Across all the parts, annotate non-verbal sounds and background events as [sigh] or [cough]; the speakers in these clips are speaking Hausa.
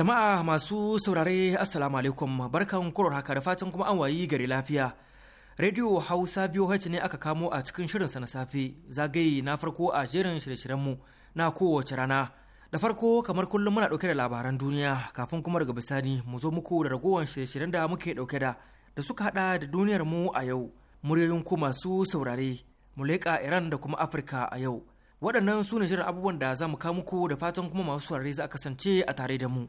Jama'a masu saurare Assalamu alaikum barkan kurar haka da fatan kuma an wayi gari lafiya. Radio Hausa VOH ne aka kamo a cikin shirinsa na safe zagaye na farko a jerin shirye mu na kowace rana. Da farko kamar kullum muna dauke da labaran duniya kafin kuma daga bisani mu zo muku da ragowar shirye-shiryen da muke dauke da da suka hada da duniyar mu a yau. Muryoyin ku masu saurare mu leƙa Iran da kuma Afirka a yau. Waɗannan su ne shirin abubuwan da za mu kawo muku da fatan kuma masu saurare za a kasance a tare da mu.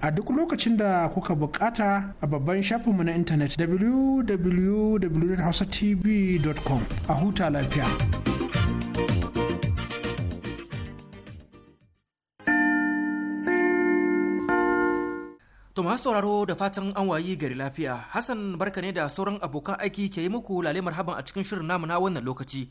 a duk lokacin da kuka bukata a babban shafinmu na intanet www.hausatv.com a huta lafiya. To masu sauraro da fatan an wayi gari lafiya, Hassan barka ne da sauran abokan aiki ke yi muku lalimar haban a cikin shirin namuna wannan lokaci.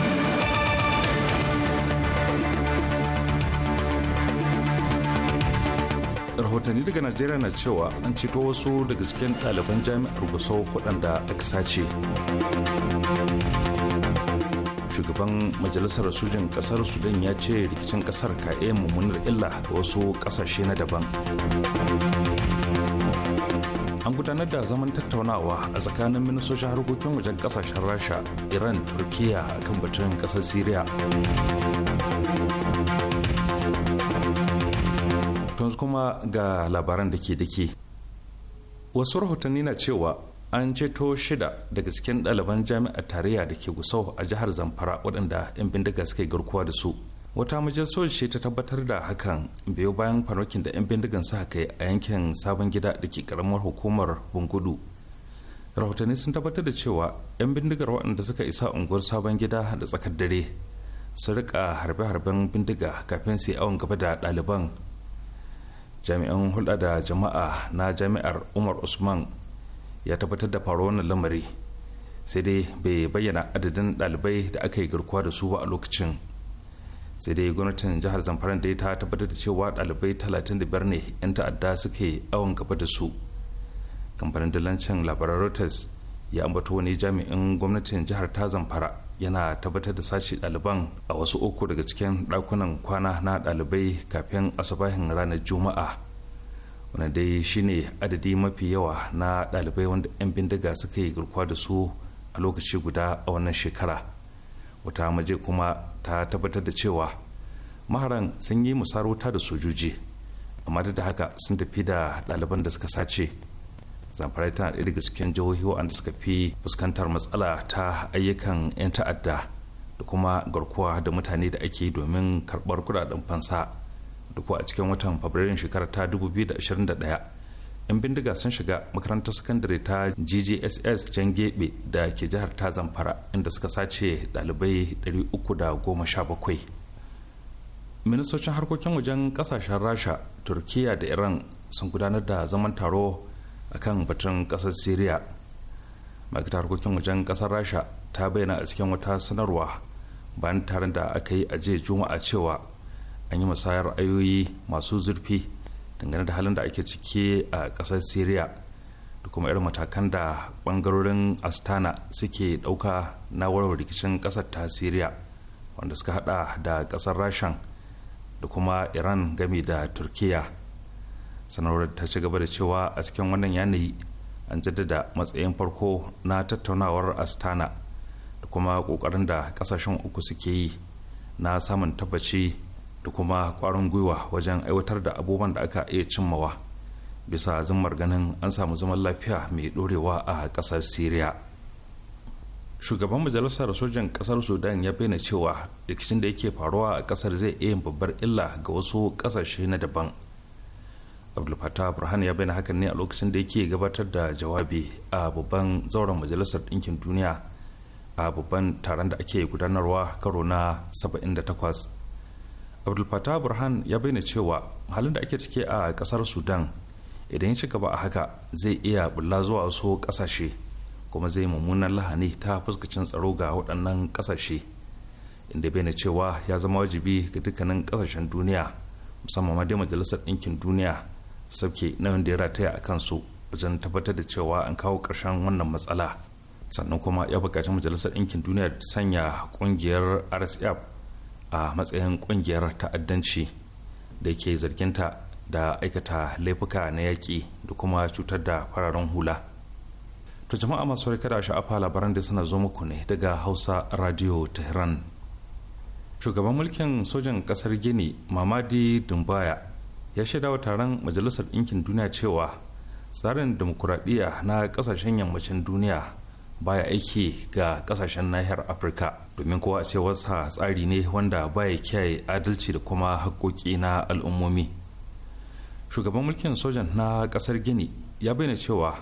rahotanni daga najeriya na cewa an cito wasu daga cikin ɗaliban jami'ar gusau waɗanda aka sace shugaban majalisar sojin ƙasar sudan ya ce rikicin ƙasar ka iya mummunar illa ga wasu ƙasashe na daban an gudanar da zaman tattaunawa a tsakanin ministocin harkokin wajen ƙasashen rasha iran turkiya akan batun ƙasar syria yanzu kuma ga labaran da ke dake wasu rahotanni na cewa an ceto shida daga cikin ɗaliban jami'ar tarayya da ke gusau a jihar zamfara waɗanda 'yan bindiga suka yi garkuwa da su wata majalisar ce ta tabbatar da hakan biyo bayan farmakin da 'yan bindigan suka kai a yankin sabon gida da ke karamar hukumar bungudu rahotanni sun tabbatar da cewa 'yan bindigar waɗanda suka isa unguwar sabon gida da tsakar dare su riƙa harbe-harben bindiga kafin su yi awon gaba da ɗaliban jami'an hulɗa da jama'a na jami'ar umar usman ya tabbatar da faruwar wannan lamari sai dai bai bayyana adadin ɗalibai da aka yi garkuwa da su ba a lokacin sai dai gwamnatin jihar zamfara da ta tabbatar da cewa ɗalibai talatin da biyar ne 'yan ta'adda suke awon gaba da su kamfanin dalancin labaran reuters ya ambato wani jami'in gwamnatin jihar ta zamfara yana tabbatar da sashi ɗaliban a wasu uku daga cikin ɗakunan kwana na ɗalibai kafin asabahin ranar juma'a wani dai shine adadi mafi yawa na ɗalibai wanda 'yan bindiga suka yi garkuwa da su a lokaci guda a wannan shekara wata maje kuma ta tabbatar da cewa maharan sun yi musarauta da sojoji amma da haka sun tafi da ɗaliban da suka sace zamfara ta ɗaya daga cikin jihohi waɗanda suka fi fuskantar matsala ta ayyukan 'yan ta'adda da kuma garkuwa da mutane da ake domin karɓar kudaden fansa da kuwa a cikin watan fabrairun shekarar ta 2021 'yan bindiga sun shiga makarantar sakandare ta ggss gebe da ke jihar ta zamfara inda suka sace ɗalibai 317 ministocin harkokin wajen kasashen rasha turkiya da iran sun gudanar da zaman taro a kan batun kasar syria ma'aikatar harkokin wajen kasar rasha ta bayyana a cikin wata sanarwa bayan taron da aka yi a jiya juma'a cewa an yi musayar ayoyi masu zurfi dangane da halin da ake cike a kasar syria da kuma irin matakan da bangarorin astana suke dauka na warware rikicin kasar ta syria wanda suka hada da kasar rashan da kuma iran gami da turkiyya sanarwar ta ci gaba da cewa a cikin wannan yanayi an jaddada matsayin farko na tattaunawar astana da kuma kokarin da kasashen uku suke yi na samun tabbaci da kuma kwarin gwiwa wajen aiwatar da abubuwan da aka iya cimmawa bisa zimmar ganin an samu zaman lafiya mai dorewa a kasar syria shugaban majalisar sojan kasar sudan ya bayyana cewa rikicin da yake faruwa a kasar zai iya babbar illa ga wasu kasashe na daban abdulfatah burhan ya bayyana hakan ne a lokacin da yake gabatar da jawabi a babban zauren majalisar ɗinkin duniya a babban taron da ake gudanarwa karo na 78 abdulfatah burhan ya bayyana cewa halin da ake cike a ƙasar sudan idan ya ci gaba a haka zai iya bulla zuwa wasu ƙasashe kuma zai mummunan lahani ta fuskacin tsaro ga waɗannan ƙasashe inda bayyana cewa ya zama wajibi ga dukkanin ƙasashen duniya musamman ma dai majalisar ɗinkin duniya sauke na wanda ya rataya a kansu wajen tabbatar da cewa an kawo ƙarshen wannan matsala sannan kuma ya buƙaci majalisar ɗinkin duniya da sanya ƙungiyar rsf a matsayin ƙungiyar ta'addanci da ke zarginta da aikata laifuka na yaƙi da kuma cutar da fararen hula to jama'a masu kada sha'afa labaran da suna zo muku ne daga hausa radio tehran shugaban mulkin sojan ƙasar gini mamadi dumbaya ya shaida wa taron majalisar ɗinkin duniya cewa tsarin demokuraɗiyya na ƙasashen yammacin duniya baya aiki ga ƙasashen nahiyar afirka domin kowa a cewarsa tsari ne wanda baya kiyaye adalci da kuma haƙƙoƙi na al'ummomi shugaban mulkin sojan na ƙasar gini ya bayyana cewa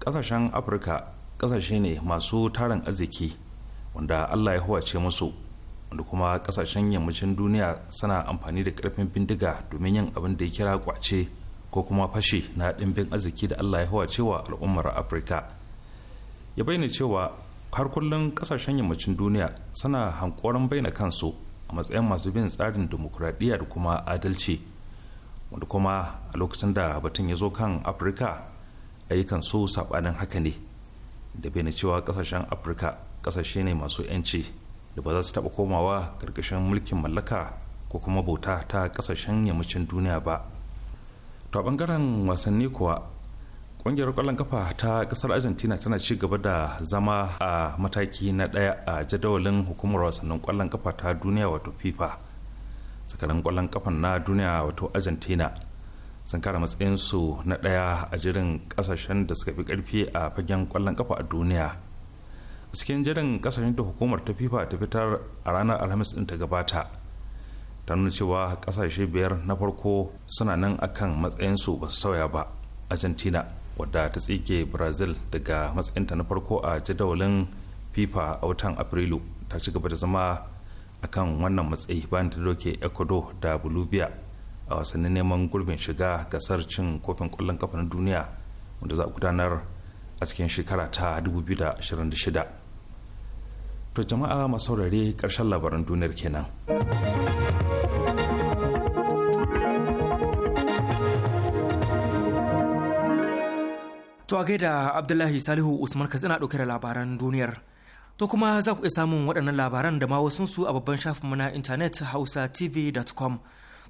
ƙasashen afirka ƙasashe ne masu tarin arziki wanda allah ya huwace musu wanda kuma kasashen yammacin duniya suna amfani da karfin bindiga domin yin abin da ya kira kwace ko kuma fashe na ɗimbin arziki da allah ya hawa cewa al'ummar afirka ya bayyana cewa har kullum kasashen yammacin duniya suna hankoron bayyana kansu a matsayin masu bin tsarin dimokuraɗiyya da kuma adalci wanda kuma a lokacin da batun ya zo kan afirka ayyukan su saɓanin haka ne da bayyana cewa kasashen afirka kasashe ne masu 'yanci da ba za su taɓa komawa ƙarƙashin mulkin mallaka ko kuma bauta ta ƙasashen yammacin duniya ba to a ɓangaren wasanni kuwa ƙungiyar ƙwallon ƙafa ta ƙasar argentina tana ci gaba da zama a mataki na ɗaya a jadawalin hukumar wasannin ƙwallon kafa ta duniya wato fifa tsakanin ƙwallon kafan na duniya wato argentina sun kara matsayinsu na ɗaya a jirin ƙasashen da suka fi ƙarfi a fagen ƙwallon ƙafa a duniya cikin jiran kasashen da hukumar ta fifa ta fitar a ranar alhamis ɗin ta gabata ta nuna cewa kasashe biyar na farko suna nan akan matsayinsu ba su sauya ba argentina wadda ta tsike brazil daga matsayinta na farko a jadawalin fifa a watan afrilu ta ci gaba da zama akan wannan matsayi bayan ta doke ecuador da bolivia a wasannin neman gurbin shiga gasar cin kofin kwallon kafa na duniya wanda za a gudanar a cikin shekara ta 2026 to jama'a masu saurare ƙarshen labaran duniyar kenan to a gaida abdullahi salihu usman katsina ɗauke da labaran duniyar To kuma za ku iya samun waɗannan labaran da ma wasu su a babban shafinmu na intanet hausa tv.com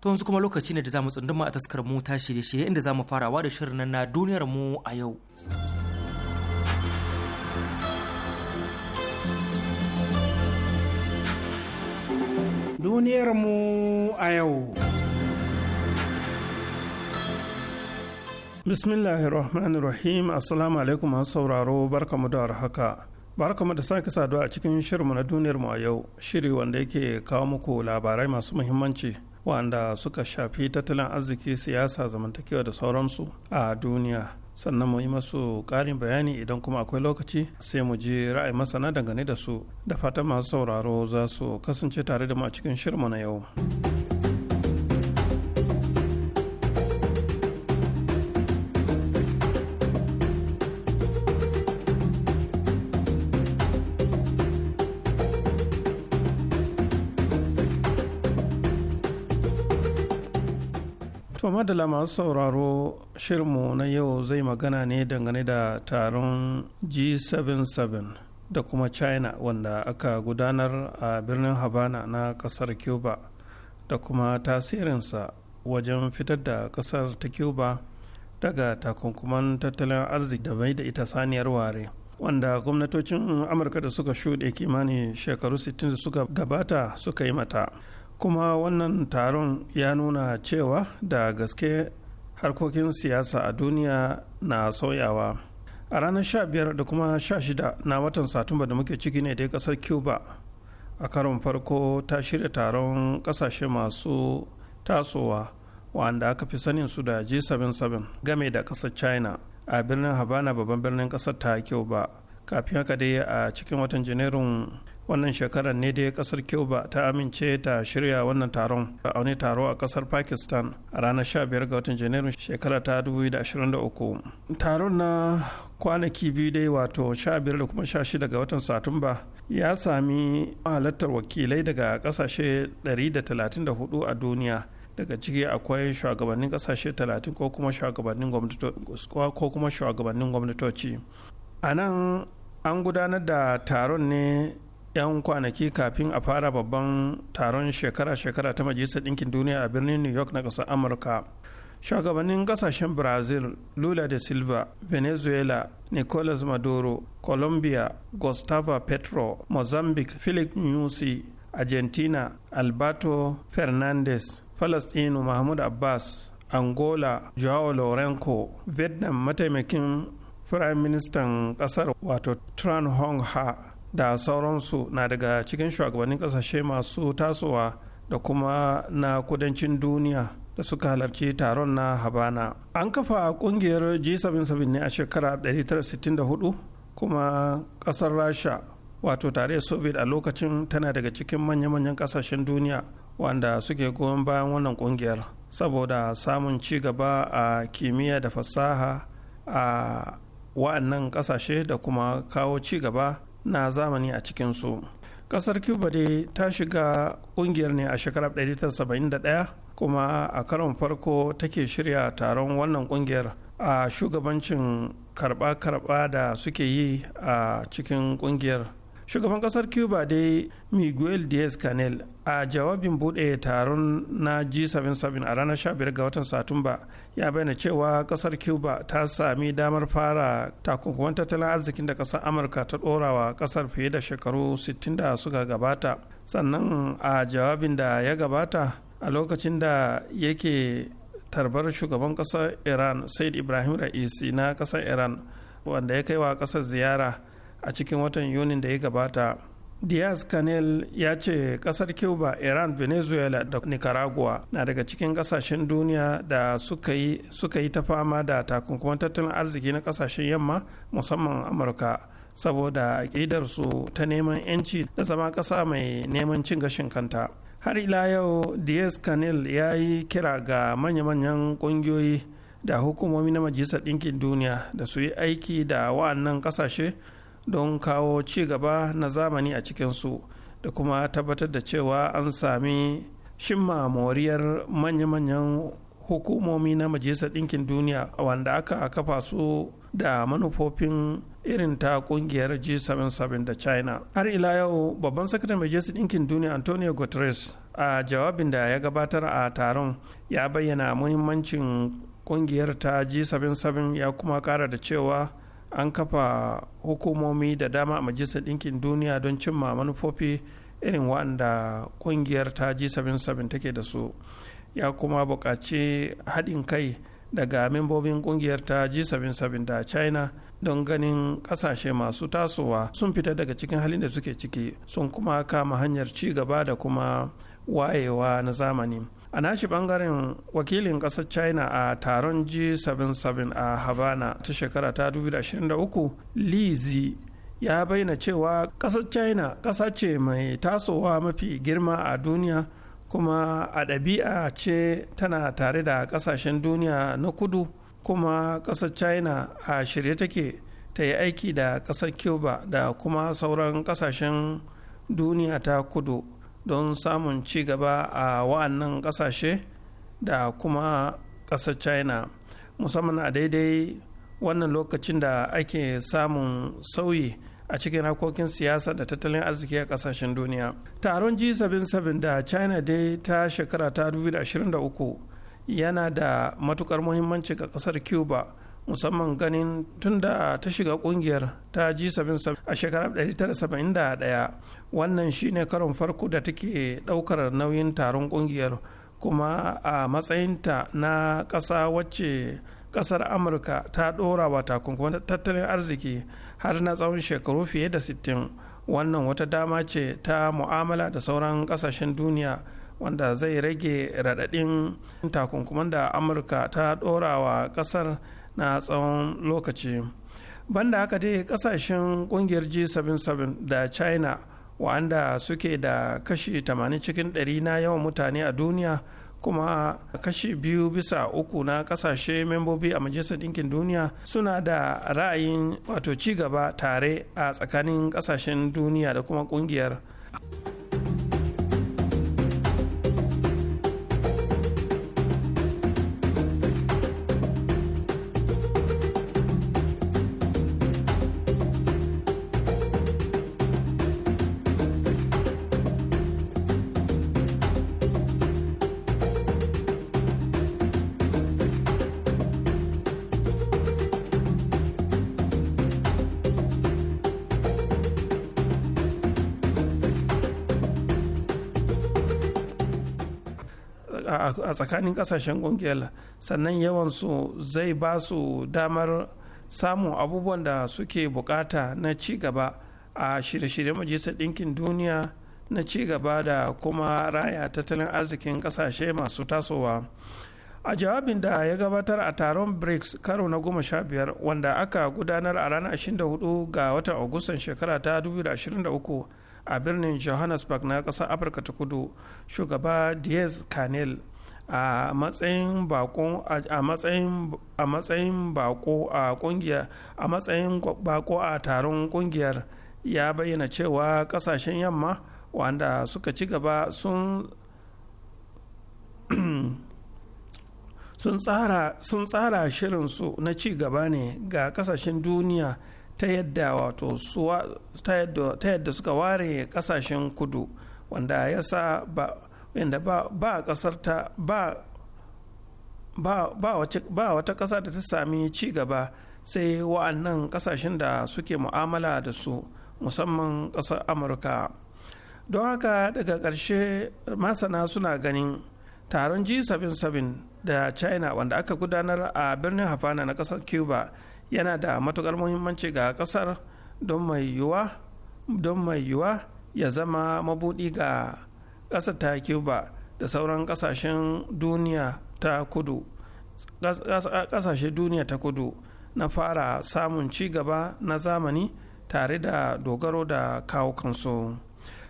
To yanzu kuma lokaci ne da za mu tsunduma a taskar mu ta shirye-shirye inda za mu farawa da shirin na duniyar mu a yau. duniyarmu a yau. Bismillahirrahmanirrahim Assalamu alaikum masu sauraro barkamu da haka. Barkamu da sake saduwa a cikin shirinmu na duniyarmu a yau, shiri wanda yake kawo muku labarai masu muhimmanci wanda suka shafi tattalin arziki, siyasa, zamantakewa da sauransu a duniya. sannan mu yi masu ƙarin bayani idan kuma akwai lokaci sai mu ji ra'ayi masana dangane da su da fatan masu sauraro za su kasance tare da mu a cikin shirmu na yau. madala masu sauraro shirinmu na yau zai magana ne dangane da taron g77 da kuma china wanda aka gudanar a birnin habana na kasar cuba da kuma tasirinsa wajen fitar da kasar ta cuba daga takunkuman tattalin arziki da bai da ita saniyar ware wanda gwamnatocin amurka da suka shuɗe kimanin shekaru 60 da suka gabata suka yi mata kuma wannan taron ya nuna cewa da gaske harkokin siyasa a duniya na sauyawa a ranar 15 da kuma 16 na watan satumba da muke ciki ne dai kasar cuba a karon farko ta shirya taron kasashe masu tasowa wanda aka fi sanin su da g77 game da kasar china a birnin habana babban birnin kasar ta cuba kafin haka dai a cikin watan janairun wannan shekarar ne dai kasar cuba ta amince ta shirya wannan taron a wani taro a kasar pakistan a ranar 15 ga watan janairun shekara ta 2023 taron na kwanaki biyu dai wato 15 da kuma 16 ga watan satumba ya sami halattar wakilai daga kasashe 134 a duniya daga ciki akwai shugabannin kasashe 30 ko kuma shugabannin gwamnatoci a nan an gudanar da taron ne 'yan kwanaki kafin a fara babban taron shekara-shekara ta majalisar ɗinkin duniya a birnin new york na ƙasar amurka shugabannin ƙasashen brazil lula da silva venezuela nicolas maduro colombia gustavo petro mozambique philip Nyusi, argentina alberto fernandez palestino mahmud abbas angola joao lorenco vietnam mataimakin firayim ministan ƙasar wato tran hong ha da sauransu na daga cikin shugabannin kasashe masu tasowa da kuma na kudancin duniya da suka halarci taron na habana an kafa kungiyar g77 ne a shekara 1964 kuma kasar rasha wato tare soviet a lokacin tana daga cikin manya-manyan kasashen duniya wanda suke goyon bayan wannan kungiyar saboda samun ci gaba a kimiyya da fasaha a wa'annan kasashe da kuma kawo ci gaba na zamani a cikinsu kasar cuba dai ta shiga ƙungiyar ne a shekarar 1971 kuma a karon farko take shirya taron wannan ƙungiyar a shugabancin karɓa-karɓa da suke yi a cikin ƙungiyar. shugaban kasar cuba dai miguel diaz canel a jawabin bude taron na g77 a ranar 15 ga watan satumba ya bayyana cewa kasar cuba ta sami damar fara takunkuman tattalin arzikin da kasar amurka ta dorawa kasar fiye da shekaru 60 da suka gabata sannan a jawabin da ya gabata a lokacin da yake tarbar shugaban kasar iran said ibrahim ra'isi na kasar iran wanda ya kai wa kasar ziyara a cikin watan yunin da ya gabata diaz canel ya ce kasar cuba iran venezuela da nicaragua na daga cikin kasashen duniya da suka yi, ta fama da takunkuman tattalin arziki na kasashen yamma musamman amurka saboda su ta neman 'yanci da zama kasa mai neman cin gashin kanta har ila yau diaz canel ya yi kira ga manya-manyan ƙungiyoyi da hukumomi na majalisar ɗinkin duniya da su yi aiki da wa'annan ƙasashe don kawo ci gaba na zamani a cikinsu da kuma tabbatar da cewa an sami shimma moriyar manya-manyan hukumomi na majalisar ɗinkin duniya wanda aka kafa su da manufofin irin ta kungiyar G77 da China. Har ila yau babban sakatar majalisar ɗinkin duniya Antonio Guterres a jawabin da ya gabatar a taron ya bayyana muhimmancin kungiyar ta G77 ya kuma kara da cewa an kafa hukumomi da dama a majalisar ɗinkin duniya don cimma manufofi irin waɗanda ƙungiyar ta g77 take da su ya kuma buƙaci haɗin kai daga membobin ƙungiyar ta g77 da china don ganin ƙasashe masu tasowa sun fita daga cikin halin da suke ciki sun kuma kama hanyar ci gaba da kuma wayewa na zamani. a nashi bangaren wakilin kasar china a taron g77 a havana ta shekara ta 2023 lizi ya bayyana cewa kasar china kasa ce mai tasowa mafi girma a duniya kuma a ɗabi'a ce tana tare da ƙasashen duniya na kudu kuma ƙasar china a shirye take ta yi aiki da ƙasar cuba da kuma sauran ƙasashen duniya ta kudu don samun ci gaba a wa'annan ƙasashe da kuma ƙasar china musamman a daidai wannan lokacin da ake samun sauyi a cikin harkokin siyasa da tattalin arziki a ƙasashen duniya taron g77 da china dai ta shekara ta 2023 yana da matukar muhimmanci ga kasar cuba musamman ganin tun da ta shiga kungiyar ta G77 a shekarar 1971 wannan shine karon farko da take daukar nauyin taron kungiyar kuma a matsayinta na kasa wacce ƙasar amurka ta ɗora wa takunkumin tattalin arziki har na tsawon shekaru fiye da 60 wannan wata dama ce ta mu'amala da sauran ƙasashen duniya wanda zai rage raɗaɗin takunkuman da amurka ta ɗora wa ƙasar na tsawon lokaci banda haka dai kasashen kungiyar g77 da china wa'anda suke da kashi 80 cikin 100 na yawan mutane a duniya kuma kashi biyu bisa uku na kasashe membobi a majalisar ɗinkin duniya suna da ra'ayin wato ci gaba tare a tsakanin kasashen duniya da kuma ƙungiyar. a tsakanin kasashen ƙungiyar sannan yawan su zai ba su damar samun abubuwan da suke bukata na ci gaba a shirye-shiryen majalisar ɗinkin duniya na ci gaba da kuma raya tattalin arzikin kasashe masu tasowa a jawabin da ya gabatar a taron brics karo na goma sha biyar wanda aka gudanar a ranar 24 ga watan agustan shekara ta 2023 a birnin johannesburg na ƙasar afirka ta kudu shugaba diaz canel a matsayin bako a matsayin bako a kungiya a matsayin bako a taron kungiyar ya bayyana cewa kasashen yamma wanda suka ci gaba sun [clears throat] sun tsara sun tsara shirinsu na ci gaba ne ga kasashen duniya ta yadda wato ta yadda suka ware kasashen kudu wanda ya sa ba wanda ba kasar ta ba wata ƙasa da ta sami ci gaba sai wa'annan kasashen da suke mu'amala da su musamman kasar amurka don haka daga ƙarshe masana suna ganin taron g77 da china wanda aka gudanar a birnin havana na ƙasar cuba yana da matukar muhimmanci ga ƙasar don mai yiwuwa ya zama mabuɗi ga ƙasar ta cuba da sauran ƙasashen duniya ta kudu ƙasashe duniya ta kudu na fara samun ci gaba na zamani tare da dogaro da kawo kansu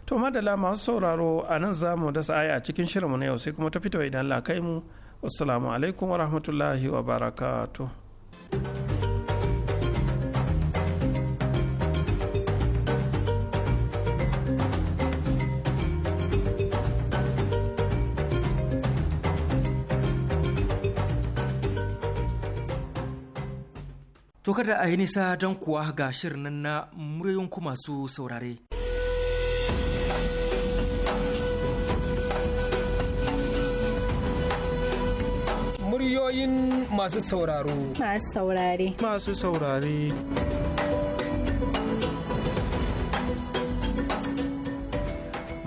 to madala masu sauraro a nan za mu dasa aya a cikin shirinmu na yau sai kuma ta fito idan lakai mu wasu alaikum wa rahmatullahi wa barakatuh To kada a yi nisa don kuwa ga shirin nan na muryoyin ku masu saurare. Muryoyin masu sauraro. Masu saurare. Masu saurare.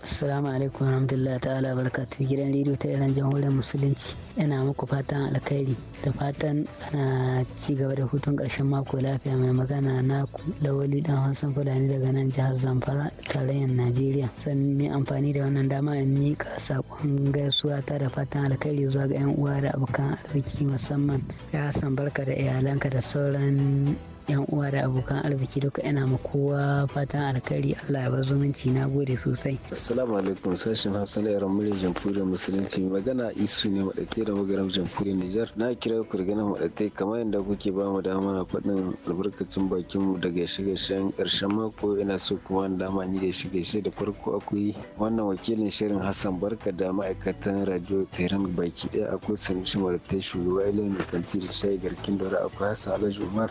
Assalamu alaikum warahmatullahi ta'ala barakatuh gidan rediyo ta yaran jamhuriyar musulunci yana muku fatan alkhairi da fatan ana ci gaba da hutun karshen mako lafiya mai magana naku lawali dan hassan fulani daga nan jihar zamfara tarayyar najeriya sannan amfani da wannan dama in mika sakon gaisuwa ta da fatan alkhairi zuwa ga yan uwa da abokan arziki musamman ya hassan barka da iyalanka da sauran yan uwa da abokan arziki duka ina ma kowa fatan alkhairi Allah ya bar zumunci na gode sosai assalamu alaikum sashen Hausa na yaran muryar jamhuriyar musulunci magana isu ne madatai da magaram jamhuriyar Nijar na kira ku daga nan madatai kamar yadda kuke ba mu dama na faɗin albarkacin bakin mu daga shiga shan ƙarshen mako ina so kuma dama ni da shiga shi da farko akwai wannan wakilin shirin Hassan Barka da ma'aikatan radio Tehran baki ɗaya akwai shi madatai shugaba Ilai Mai da Shai Garkin Dora akwai Hassan Alhaji Umar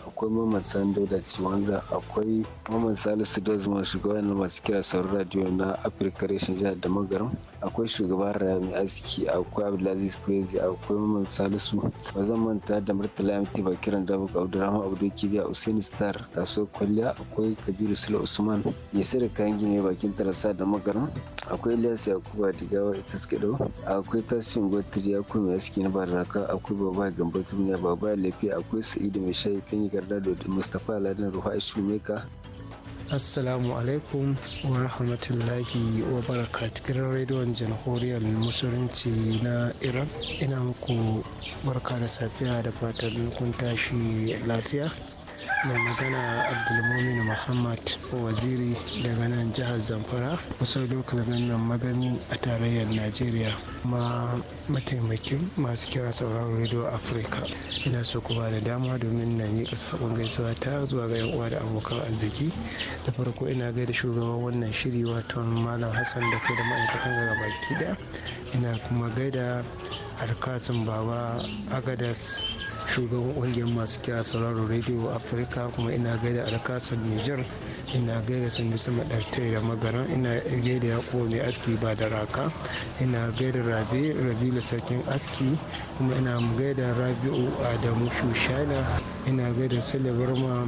akwai Mamman Sando da Ciwanza akwai Mamman Salisu Dozman shugaba na masu kira sauran radio na Afirka Reshen Jihar da Magaram akwai shugaban Rami Aski akwai Abdulaziz Kwezi akwai Mamman Salisu ba zan manta da Murtala Amiti ba kiran da abu Abdurrahman Abdul Kibiya Usaini Star kasuwar kwalliya akwai Kabiru Sula Usman mai sai da kayan gine bakin tarasa da Magaram akwai Ilyas Yakuba Digawa Itaskido akwai Tashin Gotiri akwai mai aski na Barzaka akwai Baba Gambo Tumniya Baba Lefi akwai Sa'idu Mai Shayi Kanyi Garda da mustapha aladin Assalamu alaikum wa rahmatullahi wa barakatuh. Gidan rediyon jamhuriyar musulunci na Iran. Ina muku barka da safiya da fatan kun tashi lafiya. mai magana abdulmumin muhammad waziri daga nan jihar zamfara kusan lokal nan magani a tarayyar najeriya ma mataimakin masu kira sauran radio afirka ina so ku ba da dama domin na miƙa saƙon gaisuwa ta zuwa ga uwa da abokan arziki da farko ina gaida shugaban wannan shiri wato malam hassan da kai da ma'aikatan gaba baki ina kuma gaida alkasin baba agadas shugaban kungiyar masu kira sauraro radio afirka kuma ina gaida alkasar niger ina gaida sama maɗartai da magaran ina gaida ya mai aski ba da raka ina gaida rabe da sarkin aski kuma ina gaida rabi'u adamu shushana ina gaida sule burma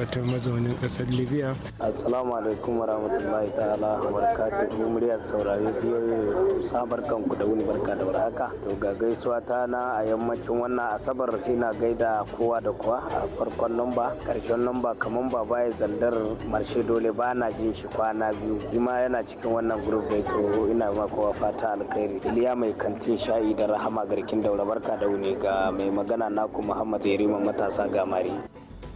wato mazaunin kasar libya assalamu alaikum wa rahmatullahi ta'ala wa barakatuhu muryar saurayi biyoyi kusa barkan da wuni barka da warhaka to ga gaisuwa ta na a yammacin wannan asabar ina gaida kowa da kowa a farkon lamba karshen lamba kamar baba ya zandar marshe dole ba na jin shi kwana biyu kuma yana cikin wannan guruf da to ina ma kowa fata alkhairi iliya mai kantin sha'i da rahama garkin daura barka da wuni ga mai magana naku muhammad yarima matasa gamari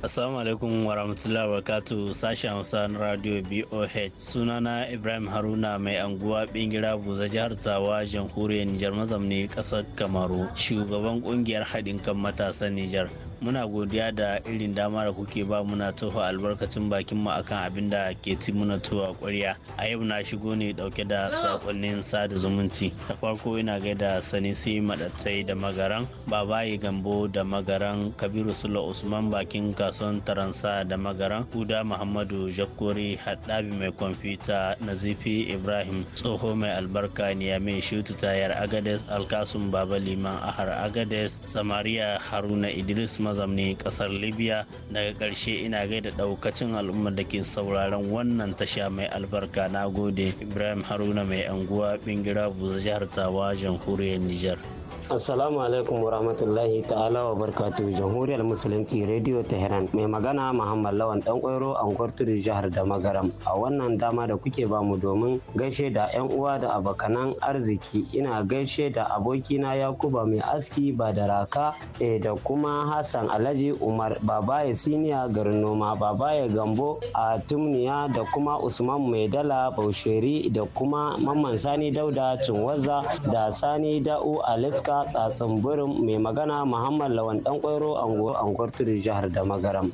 Assalamu alaikum wa katu sashen Hausa na Radio BOH sunana Ibrahim Haruna mai anguwa bingira buza jihar Tawa jamhuriyar Nijar mazamni kasar Kamaru shugaban kungiyar haɗin kan matasan Nijar muna godiya da irin dama da kuke ba muna tofa albarkacin bakin mu akan abin da ke ci muna tuwa ƙwarya a yau na shigo ne dauke da sakonnin sada zumunci da farko ina gaida sai madattai da magaran babaye gambo da magaran kabiru sula usman bakin kason taransa da magaran huda muhammadu jakori haddabi mai kwamfuta nazifi ibrahim tsoho mai albarka niyame shutu tayar agades alkasun baba liman ahar agades samariya haruna idris mazamni kasar libya daga karshe ina gaida daukacin al'ummar da ke sauraron wannan tasha mai albarka na gode ibrahim haruna mai anguwa bingira buza jihar tawa jamhuriyar niger Assalamu alaikum wa rahmatullahi ta'ala wa barkatu jamhuriyar musulunci Radio Tehran mai magana Muhammad Lawan dan kwairo anguwar tudu jihar da magaram a wannan dama da kuke ba mu domin gaishe da yan uwa da abokanan arziki ina gaishe da abokina Yakuba mai aski ba da raka e da kuma Hassan alhaji umar babaye siniya garin noma babaye gambo a tumniya da kuma usman maidala bausheri da kuma mamman sani dauda cinwaza da sani da'u aliska tsatsin burin mai magana muhammad lawan dan kwairo anguwar jihar da magaram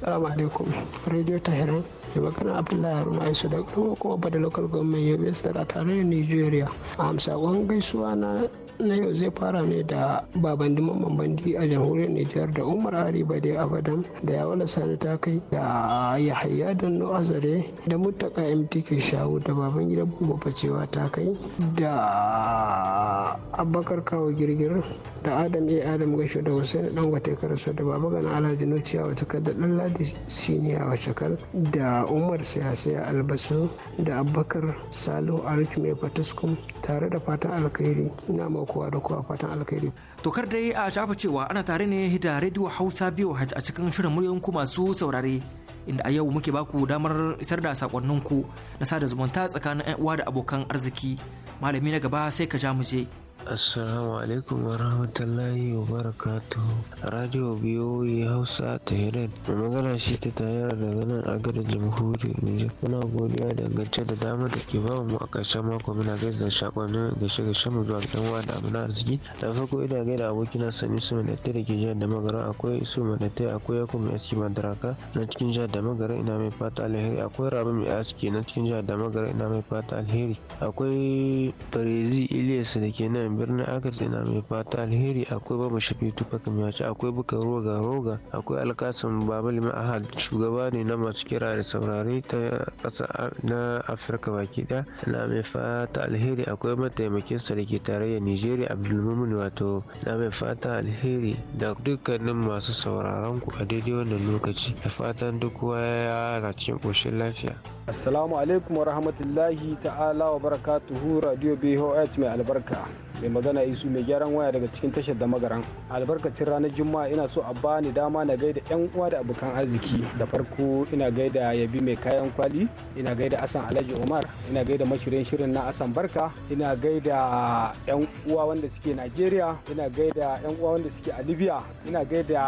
salamu alaikum radio da magana abdullahi haruna su da kuma kuma da local government yobe state a tarayyar nigeria a amsakon gaisuwa na na yau zai fara ne da baban diman bandi a jamhuriyar nijar da umar ari bade abadan da yawala sani ta kai da yahaya danno azare da mutaka mtk shawu da baban gidan buba facewa ta kai da abakar kawo girgir da adam a adam gasho da hussein wata karasa da baba gana alhaji nociya wata da dan ladi siniya wacce kal da a umar siyasai albasu da abubakar salo a mai fataskum tare da fatan alkhairi ina makowa da kowa fatan alkhairi tokar dai a shafa cewa ana tare ne da rediyo hausa biyu a cikin shirin muryoyin ku masu saurare inda a yau muke baku damar isar da sakonninku na sada zumunta tsakanin uwa da abokan arziki malami na gaba sai ka ja mu je Assalamu alaikum wa rahmatullahi wa barakatuhu. Radio BOE Hausa ta Hiran. Mai magana shi ta tayar da ganin a gadar jamhuriyar Nijar. Muna godiya dangance da damar da ke ba mu a ƙarshen mako muna gaisa da shakonin da shan mu zuwa ɗan wa da abin arziki. Da farko ina gaida abokina Sami su Madatte da ke jihar da magara akwai su Madatte akwai Yaku mai aski madaraka na cikin jihar da magara ina mai fata alheri akwai rabu mai aski na cikin jihar da magara ina mai fata alheri akwai barezi Ilyas da ke nan Daga birnin Agas na mai fata alheri akwai Baba Shafi ya Miyaci akwai buka Roga Roga akwai Alkasim Babal Ahad shugaba ne na masu kira da saurare ta ƙasa na Afirka baki ɗaya. na mai fata alheri akwai mataimakin sa da ke tarayyar Nijeriya Abdulmumin wato na mai fata alheri da dukkanin masu sauraron ku a daidai wannan lokaci da fatan duk kowa ya cikin ƙoshin lafiya. Assalamu alaikum wa rahmatullahi ta'ala wa barakatuhu Radio BOH mai albarka. mai magana isu mai gyaran waya daga cikin tashar da magaran albarkacin ranar juma'a ina so a bani dama na gaida yan uwa da abokan arziki da farko ina gaida yabi mai kayan kwali ina gaida asan alhaji umar ina gaida mashirin shirin na asan barka ina gaida yan uwa wanda suke nigeria ina gaida yan uwa wanda suke a libya ina gaida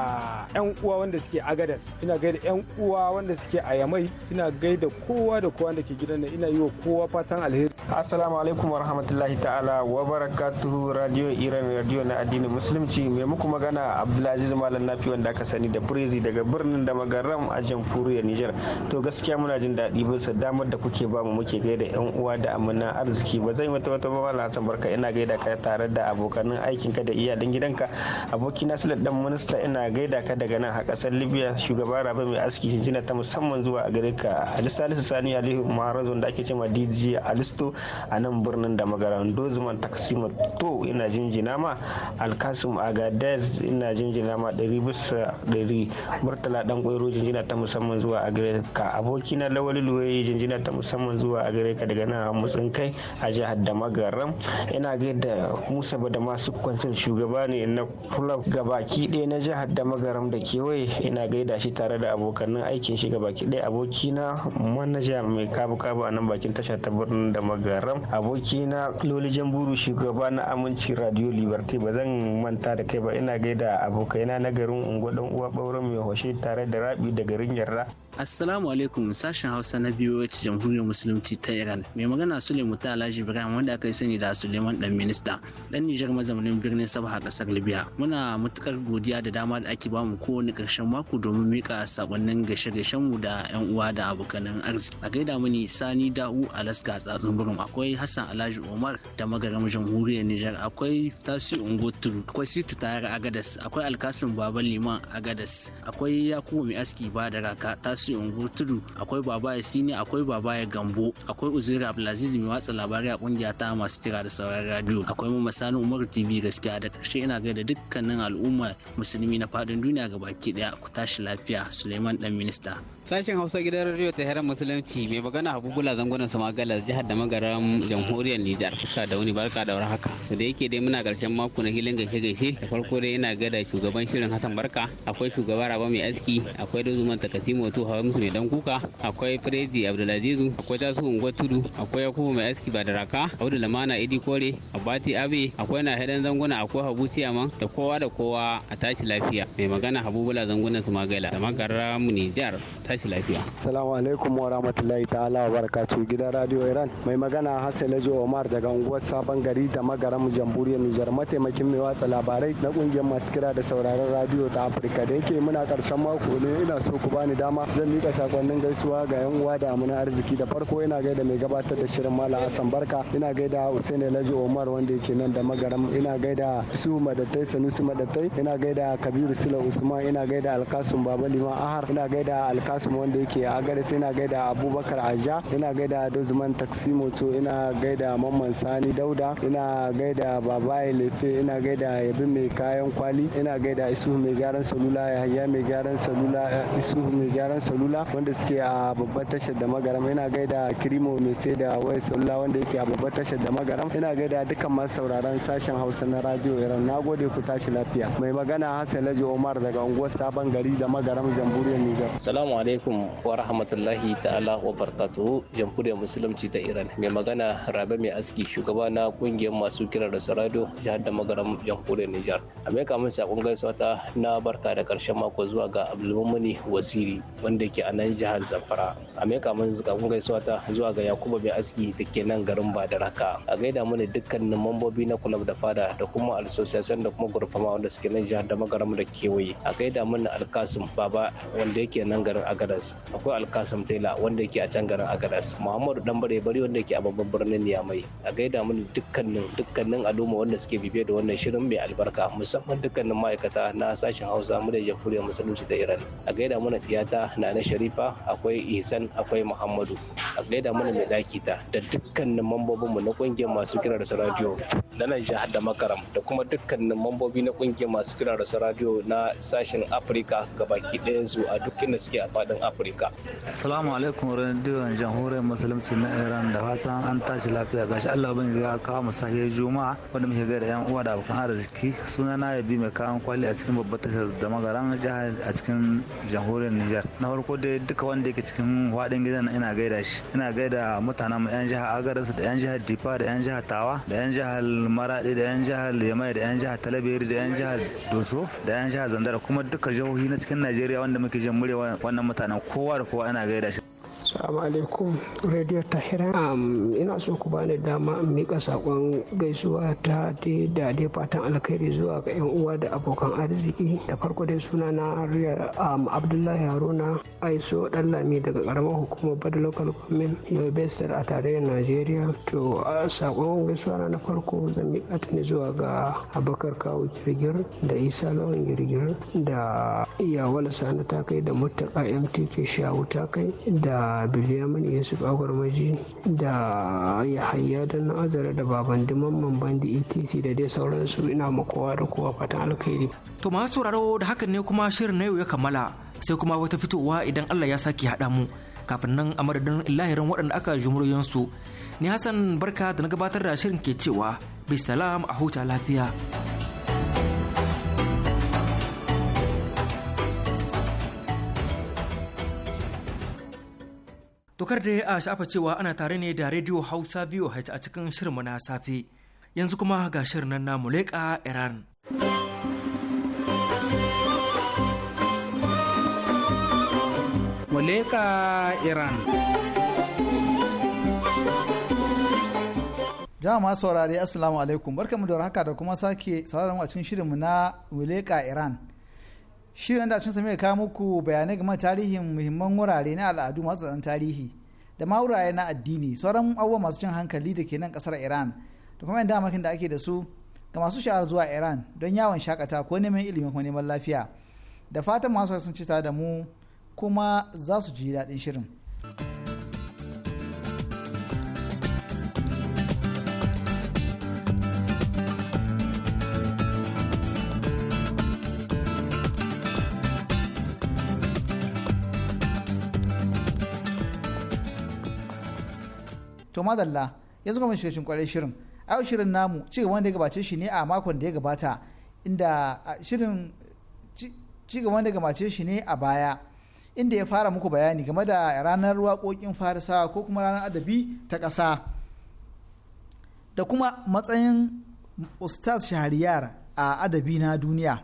yan uwa wanda suke agadas ina gaida yan uwa wanda suke a yamai ina gaida kowa da kowa da ke gidan ina yi wa kowa fatan alheri assalamu alaikum warahmatullahi ta'ala wa barakatuh barakatuhu radio iran radio na addinin musulunci mai muku magana abdulaziz malam nafi wanda aka sani da prezi daga birnin da magaram a jamhuriyar niger to gaskiya muna jin daɗi sa damar da kuke bamu muke gaida yan uwa da amina arziki ba zai mata wata na san barka ina gaida ka tare da abokanin aikin ka da iyalan gidanka aboki nasiru dan minista ina gaida ka daga nan a ƙasar libya shugaba rabe mai aski jina ta musamman zuwa a gare ka alisalisu sani alihu maharazu da ake cewa dj alisto a nan birnin da magaram dozuman taksima to ina jinjina ma alkasim agadez ina jinjina ma ɗari bisa ɗari murtala ɗan ƙwairo jinjina ta musamman zuwa a gare ka aboki na lawali luwaye jinjina ta musamman zuwa a gare ka daga nan mutsin kai a jihar da magaram ina gaida musa da masu kwansin shugaba ne na kulab gabaki ɗaya na jihar da magaram da kewaye ina gaida shi tare da abokanin aikin shi gabaki ɗaya Aboki na manaja mai kabu kabu a nan bakin tashar ta birnin da magaram na loli jamburu shugaba na aminci radio liberty ba zan manta da kai ba ina gaida abokaina na garin unguwa dan uwa ɓauren mai hoshe tare da rabi da garin yarra Assalamu alaikum sashen Hausa na biyu wacce jamhuriyar musulunci ta Iran. Mai magana Suleiman ta Alhaji Ibrahim wanda aka yi sani da Suleiman dan minista dan Nijar mazaunin birnin Sabha kasar Libya. Muna matukar godiya da dama da ake bamu kowane karshen mako domin mika sakonnin gashe-gashen mu da yan uwa da abokanan arziki. A gaida mini Sani Da'u Alaska tsatsun burum akwai Hassan Alhaji umar da magarin jamhuriyar Nijar akwai Tasi Ungotur, akwai Situ Tayar Agadas, akwai Alkasim Baba Liman Agadas, akwai Yakubu Mai Aski ba da raka Tasi Ungotur, akwai Baba ya Yasini, akwai Baba ya Gambo, akwai uzuri Abdulaziz mai watsa labarai a kungiya ta masu kira da sauran radio, akwai Mama Sani Umar TV gaskiya da karshe ina gaida dukkanin al'umma musulmi na faɗin duniya gabaki daya ku tashi lafiya Suleiman dan minista. Sashen Hausa gidan Radio Tehran Musulunci mai magana Habubula zangonan Samagala jihar da magaran jamhuriyar Nijar. Barka da wuni barka da war haka. Da yake dai muna karshen mako na hilin gaishe gaishe da farko dai yana gada shugaban shirin Hassan Barka akwai shugaban Raba mai aski akwai zuman Takasimo to hawa musu mai dan kuka akwai Frezi Abdulazizu akwai Tasu Ungo Tudu akwai Yakubu mai aski ba da raka Audu Lamana Idi Kore Abati Abe akwai na hadan Zanguna akwai Habu Ciyaman da kowa da kowa a tashi lafiya. Mai magana Habubula zangonan Samagala da magaran Nijar. tashi lafiya. Salamu alaikum wa rahmatullahi ta'ala wa barakatu gidan Radio Iran. Mai magana Hassan Lajo Omar daga unguwar Sabon Gari da Magaram Jamhuriyar Nijar mataimakin mai watsa labarai na kungiyar masu kira da sauraron radio ta Afirka da yake muna karshen mako ne ina so ku bani dama zan mika sakonnin gaisuwa ga yan uwa da amina arziki da farko ina gaida mai gabatar da shirin Malam Hassan Barka ina gaida Hussein Lajo Omar wanda yake nan da Magaram ina gaida su madattai Sanusi madattai ina gaida Kabiru Sula Usman ina gaida Alkasum Baba Liman Ahar ina gaida Alkasum Kasimu wanda yake a Agadas ina gaida Abubakar Aja ina gaida Dozman Taxi Moto ina gaida Mamman Sani Dauda ina gaida Baba Lefe ina gaida Yabi mai kayan kwali ina gaida Isuhu mai gyaran salula Yahaya mai gyaran salula Isuhu mai gyaran salula wanda suke a babbar tashar da magaram ina gaida Kirimo mai sai da Wai salula wanda yake a babbar tashar da magaram ina gaida dukkan masu sauraron sashen Hausa na radio Iran nagode ku tashi lafiya mai magana Hassan Laji Omar daga unguwar Sabon Gari da magaram Jamhuriyar Nijar. Salamu alaikum alaikum wa rahmatullahi ta'ala wa barakatuhu jamhuriyar musulunci ta Iran. Mai magana Rabe mai aski shugaba na kungiyar masu kiran da sarado jihar da magaram jamhuriyar Nijar. A mai kamun sakon gaisuwa ta na barka da karshen mako zuwa ga Abdulmumuni Wasiri wanda ke a nan jihar Zamfara. A mai kamun sakon gaisuwa ta zuwa ga yakuba mai aski da ke nan garin Badaraka. A gaida mana dukkanin mambobi na kulab da fada da kuma alsosiyasan da kuma gurfama wanda suke nan jihar da magaram da kewaye. A gaida mana Alkasim Baba wanda yake nan garin Aga agadas akwai alkasam taila wanda yake a can garin agadas muhammadu dan bare bari wanda yake a babban birnin niyamai a gaida mini dukkanin dukkanin al'umma wanda suke bibiye da wannan shirin mai albarka musamman dukkanin ma'aikata na sashen hausa mu da jamhuriyar musulunci ta iran a gaida mana tiyata na na sharifa akwai ihsan akwai muhammadu a gaida mana mai daki ta da dukkanin mambobinmu na kungiyar masu kira da radio na nan jihar makaram da kuma dukkanin mambobi na kungiyar masu kira da radio na sashen afirka gabaki su a duk inda suke a faɗin faɗin afirka assalamu alaikum rediyon jamhuriyar musulunci na iran da fatan an tashi lafiya gashi allah bin ya kawo mu juma'a wanda muke gaida yan uwa da abokan arziki suna na yabi mai kayan kwali a cikin babbar tashar da magaran jihar a cikin jamhuriyar niger na farko dai duka wanda yake cikin waɗin gidan ina gaida shi ina gaida mutanen mu yan jihar agaras da yan jihar difa da yan jihar tawa da yan jihar maradi da yan jihar yamai da yan jihar talabiri da yan jihar doso da yan jihar zandara kuma duka jihohi na cikin najeriya wanda muke jin murya wannan mutane sannan kowa da kowa ana gaida shi Assalamu alaikum Radio Tahira. Um, ina so ku bani dama in mika sakon gaisuwa ta da dade fatan alkhairi zuwa ga yan uwa da abokan arziki. Da farko dai suna na um, Abdullahi Haruna Aiso Dallami daga ƙaramar hukumar Bad Local Government Yau a tarayyar Najeriya. To uh, sakon gaisuwa na farko zan mika ta ne zuwa ga Abubakar Kawu Girgir da Isa Lawan Girgir da Iyawala Sani ta kai da Mutaka MTK Shawu ta kai da biliyamin yusuf agwarmaji da yahaya da nazara da baban mamman da etc da dai sauransu ina makowa da kowa fatan alkhairi to masu sauraro da hakan ne kuma shirin na yau ya kammala sai kuma wata fitowa idan allah ya sake haɗa mu kafin nan a madadin lahirin waɗanda aka su ni hassan barka da na gabatar da shirin ke cewa bisalam a huta lafiya Tokar da ya shafa cewa ana tare ne da Radio Hausa VOH a cikin shirinmu na safe. Yanzu kuma ga shirin nan na Muleka Iran. Muleka Iran. Jama'a saurari Assalamu alaikum barkamu da haka da kuma sake sauraron a cikin shirinmu na Muleka Iran. shirin da cinsa ya kawo muku bayanai game tarihin muhimman wurare na al'adu masu tsaron tarihi da ma wurare na addini sauran abubuwa masu cin hankali da ke nan kasar iran da kuma yan damakin da ake da su ga masu sha'ar zuwa iran don yawon shakata ko neman ilimi ko neman lafiya da fatan masu sun ci da mu kuma za su ji daɗin shirin. madalla yanzu kuma shiga cikin kwarai shirin a shirin namu ci gaban ya gabace shi ne a makon da ya gabata inda shirin ci gaban da ya gabace shi ne a baya inda ya fara muku bayani game da ranar waƙoƙin farisawa ko kuma ranar adabi ta ƙasa da kuma matsayin ustaz shahariyar a adabi na duniya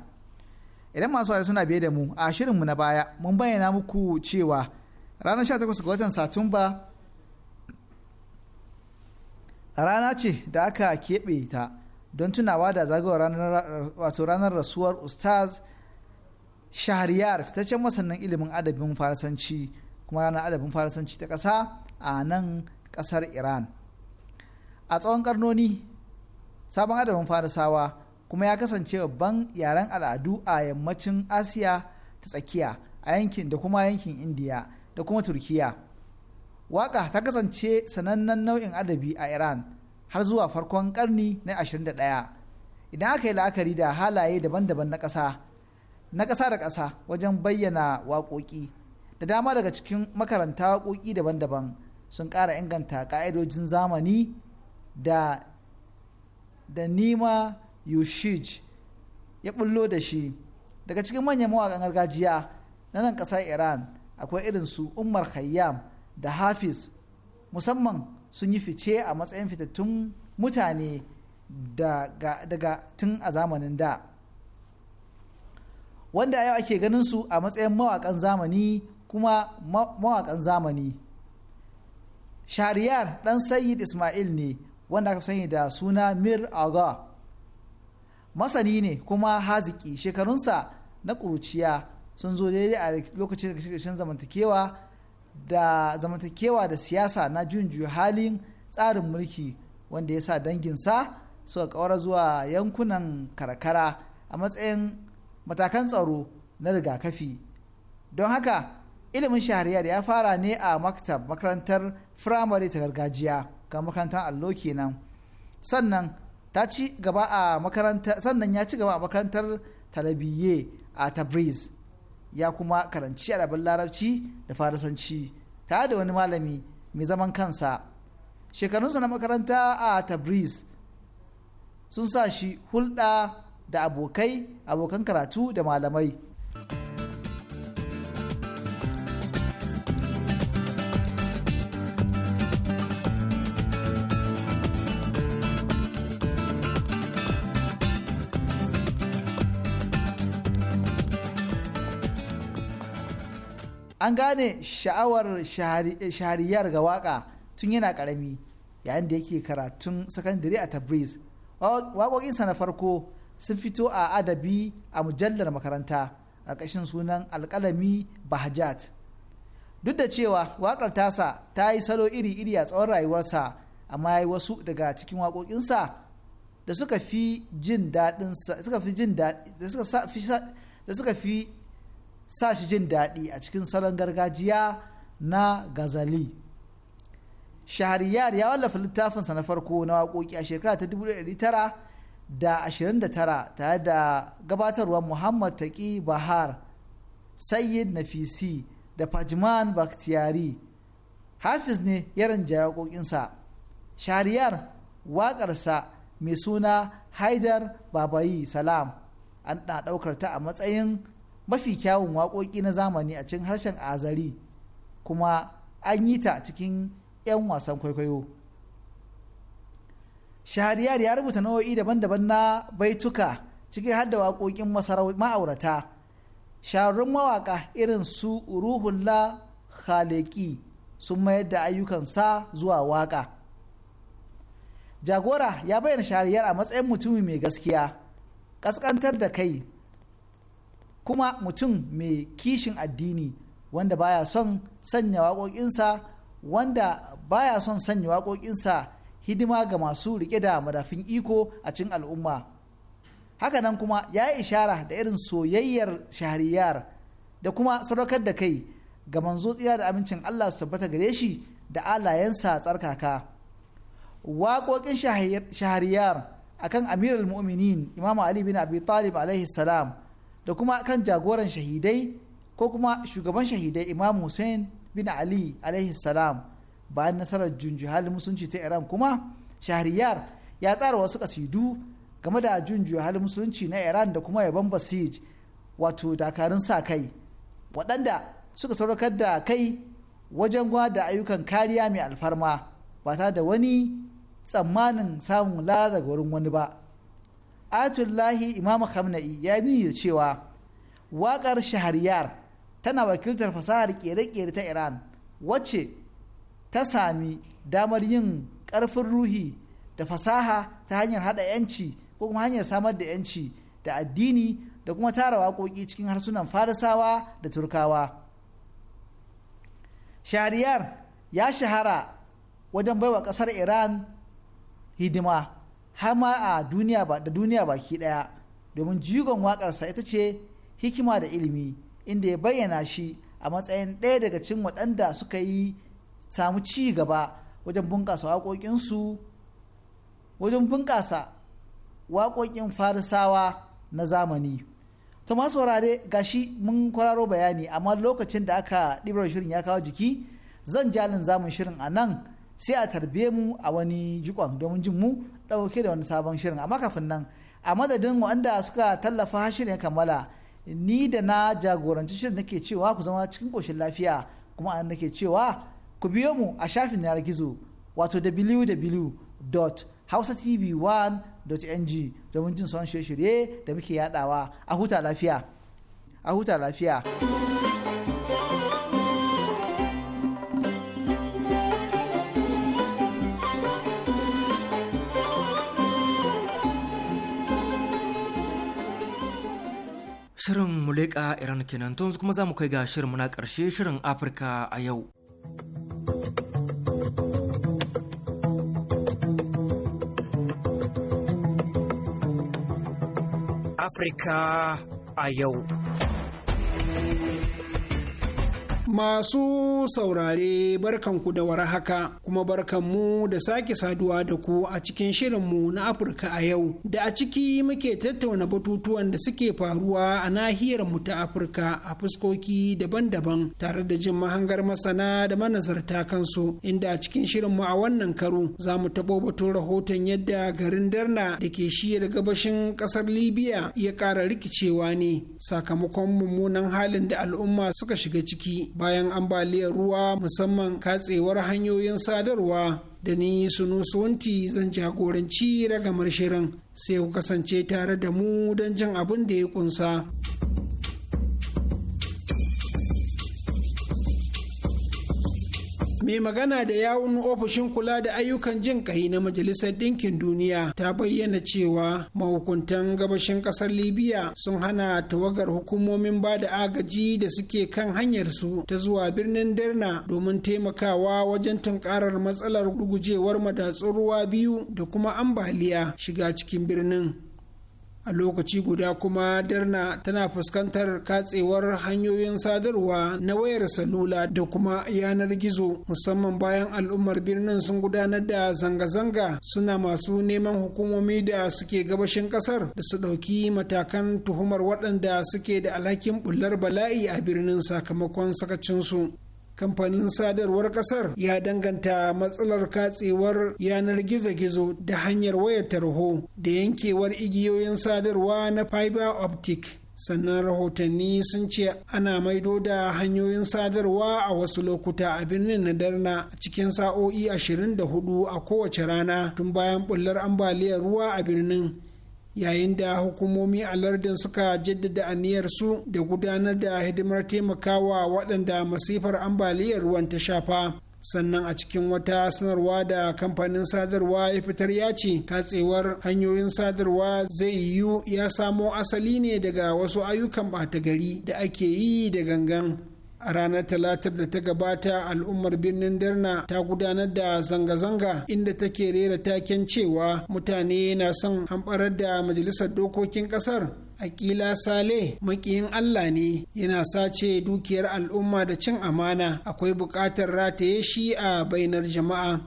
idan masu wari suna biye da mu a shirin shirinmu na baya mun bayyana muku cewa ranar 18 ga watan satumba rana ce da aka keɓe ta don tunawa da zagawar ranar rasuwar ustaz shahariyar fitaccen masannin ilimin adabin farasanci kuma ranar adabin farasanci ta ƙasa a nan ƙasar iran a tsawon karnoni sabon adabin farisawa kuma ya kasance babban yaren al'adu a yammacin asiya ta tsakiya a yankin da kuma yankin indiya da kuma turkiya Waƙa ta kasance sanannen nau'in adabi a Iran har zuwa farkon karni na 21. Idan aka yi la'akari da halaye daban-daban na ƙasa, na ƙasa da ƙasa wajen bayyana waƙoƙi, da dama daga cikin makaranta waƙoƙi daban-daban sun ƙara inganta ƙa'idojin zamani da da nima yushij ya bullo da shi daga cikin manyan mawaƙan gargajiya na nan ƙasar iran akwai irin su umar khayyam da hafiz musamman sun yi fice a matsayin fitattun mutane daga tun a zamanin da wanda yau ake ganin su a matsayin mawakan zamani kuma mawakan zamani shariyar ɗan sayyid ismail ne wanda aka sani da suna mir aga masani ne kuma haziki shekarunsa na ƙuruciya sun zo daidai a lokacin zamantakewa da zamantakewa da siyasa na junju halin tsarin mulki wanda ya sa danginsa suka kawar zuwa yankunan karkara a matsayin matakan tsaro na rigakafi don haka ilimin shahariyar ya fara ne a maktab makarantar firamare ta gargajiya ga makarantar allo kenan sannan ta ci gaba a makarantar sannan ya ci gaba a makarantar talabiye a tabriz ya kuma karanci arabin larabci da farisanci tare da wani malami mai zaman kansa shekarunsa na makaranta a tabriz sun sa shi hulɗa da abokai abokan karatu da malamai an gane sha'awar eh, shahariyar ga waka tun yana karami yayin da yake karatun sakandare a tabriz waƙoƙinsa na farko sun fito a adabi a mujallar makaranta ƙarƙashin sunan alƙalami bahajat duk da cewa waƙar tasa ta yi salo iri-iri a tsawon rayuwarsa amma ya yi wasu daga cikin waƙoƙinsa da suka fi jin daɗin da suka fi sa shi jin daɗi a cikin salon gargajiya na gazali shahariyar ya wallafa littafinsa na farko na waƙoƙi a shekara ta 1929 tare da gabatarwar muhammad taƙi bahar sayyid nafisi da fajiman bakhtiyari hafiz ne ya ranja waƙoƙinsa shahariyar waƙarsa mai suna haidar babayi salam an ɗaukar ta a matsayin mafi kyawun waƙoƙi na zamani a cikin harshen azari kuma an yi ta cikin 'yan wasan kwaikwayo shahariyar ya rubuta nau'o'i daban-daban na baituka cikin hadda waƙoƙin ma'aurata shahararrun mawaƙa irin su ruhulla khaliki sun mayar da ayyukansa zuwa waƙa jagora ya bayyana shahariyar a matsayin mutumi mai gaskiya ƙasƙantar da kai kuma mutum mai kishin addini wanda baya son sanya waƙoƙinsa wanda baya son sanya waƙoƙinsa hidima ga masu riƙe da madafin iko a cikin al'umma hakanan kuma ya yi ishara da irin soyayyar shahariyar da kuma sadaukar da kai ga manzo tsira da amincin Allah su tabbata gare shi da alayensa tsarkaka waƙoƙin shahariyar akan amirul mu'minin imam ali bin abi talib alaihi salam da kuma kan jagoran shahidai ko kuma shugaban shahidai imam hussein bin ali alaihi salam bayan nasarar halin musulunci ta iran kuma shahriyar ya tsara wasu kasidu game da halin musulunci na iran da kuma yaban basij wato dakarun sa kai waɗanda suka saurakar da kai wajen da ayyukan kariya mai alfarma ba ta da wani tsammanin samun lara daga wurin wani ba atullahi imam hamna'i ya yi cewa waƙar shahariyar tana wakiltar fasahar ƙere-ƙere ta iran wacce ta sami damar yin ƙarfin ruhi da fasaha ta hanyar haɗa 'yanci ko kuma hanyar samar da 'yanci da addini da kuma tara waƙoƙi cikin harsunan farisawa da turkawa shahariyar ya shahara wajen baiwa ƙasar iran hidima har ma a duniya da duniya baki daya domin jigon waƙarsa ita ce hikima da ilimi inda ya bayyana shi a matsayin ɗaya daga cin waɗanda suka yi samu ci gaba wajen bunƙasa waƙoƙinsu wajen bunƙasa waƙoƙin farisawa na zamani to masu saurare gashi mun kwararo bayani amma lokacin da aka ɗibar shirin ya kawo jiki zan jalin zamun shirin a nan sai a tarbe mu a wani jikon domin jin mu ɗauke da wani sabon shirin amma kafin nan a madadin wanda suka tallafa shirin ya kammala ni da na jagoranci shirin nake cewa ku zama cikin koshin lafiya kuma an nake cewa ku biyo mu a shafin yanar gizo wato www.hausatv1.ng domin jin sauran shirye-shirye da muke yadawa a huta lafiya a huta lafiya Shirin Muleka Iran kenan to kuma za mu kai ga shirin muna ƙarshe shirin Afirka a yau. Afirka a yau. Masu saurare barkanku da warhaka haka kuma barkanmu da sake saduwa da ku a cikin shirinmu na Afirka a yau da a ciki muke tattauna batutuwan da suke faruwa a nahiyar mu ta Afirka a fuskoki daban-daban tare da jin mahangar masana da manazarta kansu inda a cikin mu a wannan karo za mu taɓo batun rahoton yadda garin Darna da ke shiyar gabashin ƙasar Libya ya ƙara rikicewa ne sakamakon mummunan halin da al'umma suka shiga ciki bayan ambaliyar ruwa musamman katsewar hanyoyin sadarwa da ni suno suwanti zan jagoranci ragamar shirin sai ku kasance tare da mu don jin abin da ya kunsa. mai magana da yawun ofishin kula da ayyukan jin kai na majalisar ɗinkin duniya ta bayyana cewa mahukuntan gabashin ƙasar libya sun hana tawagar hukumomin ba da agaji da suke kan hanyarsu ta zuwa birnin derna domin taimakawa wajen tunkarar matsalar gugujewar madatsun ruwa biyu da kuma ambaliya shiga cikin birnin a lokaci guda kuma darna tana fuskantar katsewar hanyoyin sadarwa na wayar salula da kuma yanar gizo musamman bayan al'ummar birnin sun gudanar da zanga-zanga suna masu neman hukumomi da suke gabashin kasar da su ɗauki matakan tuhumar waɗanda suke da alhakin bullar bala'i a birnin sakamakon sakacinsu kamfanin sadarwar kasar ya danganta matsalar katsewar yanar gizo-gizo da hanyar wayar tarho da yankewar igiyoyin sadarwa na fiber optic sannan rahotanni sun ce ana maido da hanyoyin sadarwa a wasu lokuta a birnin nadarna cikin sa'o'i 24 a kowace rana tun bayan bullar ambaliyar ruwa a birnin yayin da hukumomi a lardin suka jaddada aniyarsu da gudanar da hidimar taimakawa waɗanda masifar ambaliyar ruwan ta shafa sannan a cikin wata sanarwa da kamfanin sadarwa ya fitar ya ce katsewar hanyoyin sadarwa zai yiwu ya samo asali ne daga wasu ayyukan ɓata gari da ake yi da gangan a ranar talatar da ta gabata al'ummar birnin derna ta gudanar da zanga-zanga inda take rera taken cewa mutane na son hamɓarar da majalisar dokokin ƙasar akila sale makiyin allah ne yana sace dukiyar al'umma da cin amana akwai buƙatar rataye shi a bainar jama'a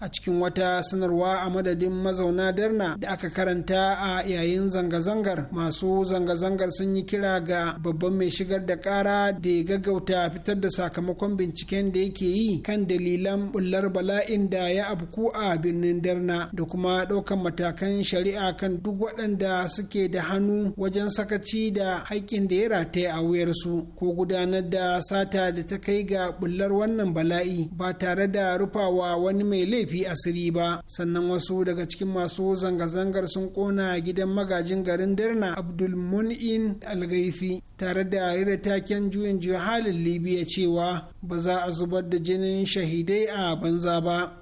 a cikin wata sanarwa a madadin mazauna darna da aka karanta a yayin zanga-zangar masu zanga-zangar sun yi kira ga babban mai shigar da kara da ya gaggauta fitar da sakamakon binciken da yake yi kan dalilan bullar bala'in da ya abku a birnin darna da kuma ɗaukan matakan shari'a kan duk waɗanda suke da hannu wajen sakaci da haƙƙin da ya rataya a wuyarsu ko gudanar da sata da ta kai ga bullar wannan bala'i ba tare da rufawa wani mai laifi laifi asiri ba sannan wasu daga cikin masu zanga-zangar sun kona gidan magajin garin darna abdulmun'in algaifi tare da rira taken juyin juya halin libya cewa ba za a zubar da jinin shahidai a banza ba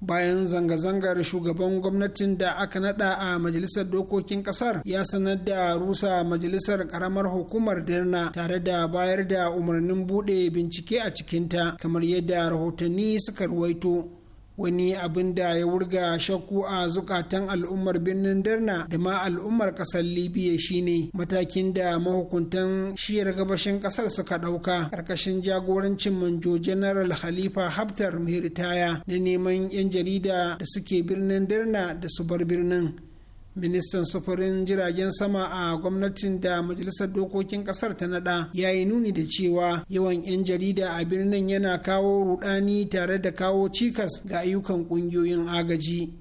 bayan zanga-zangar shugaban gwamnatin da aka nada a majalisar dokokin kasar ya sanar da rusa majalisar karamar hukumar dirna tare da bayar da umarnin bude bincike a cikinta kamar yadda rahotanni suka ruwaito wani abin da ya wurga shakku a zukatan al'ummar birnin darna da ma al'ummar kasar libya shine matakin da mahukuntan shiyar gabashin kasar suka dauka karkashin jagorancin manjo general khalifa haftar mai na neman 'yan jarida da suke birnin darna da su bar birnin ministan sufurin jiragen sama a gwamnatin da majalisar dokokin kasar ta nada ya yi nuni da cewa yawan 'yan jarida a birnin yana kawo rudani tare da kawo cikas ga ayyukan kungiyoyin agaji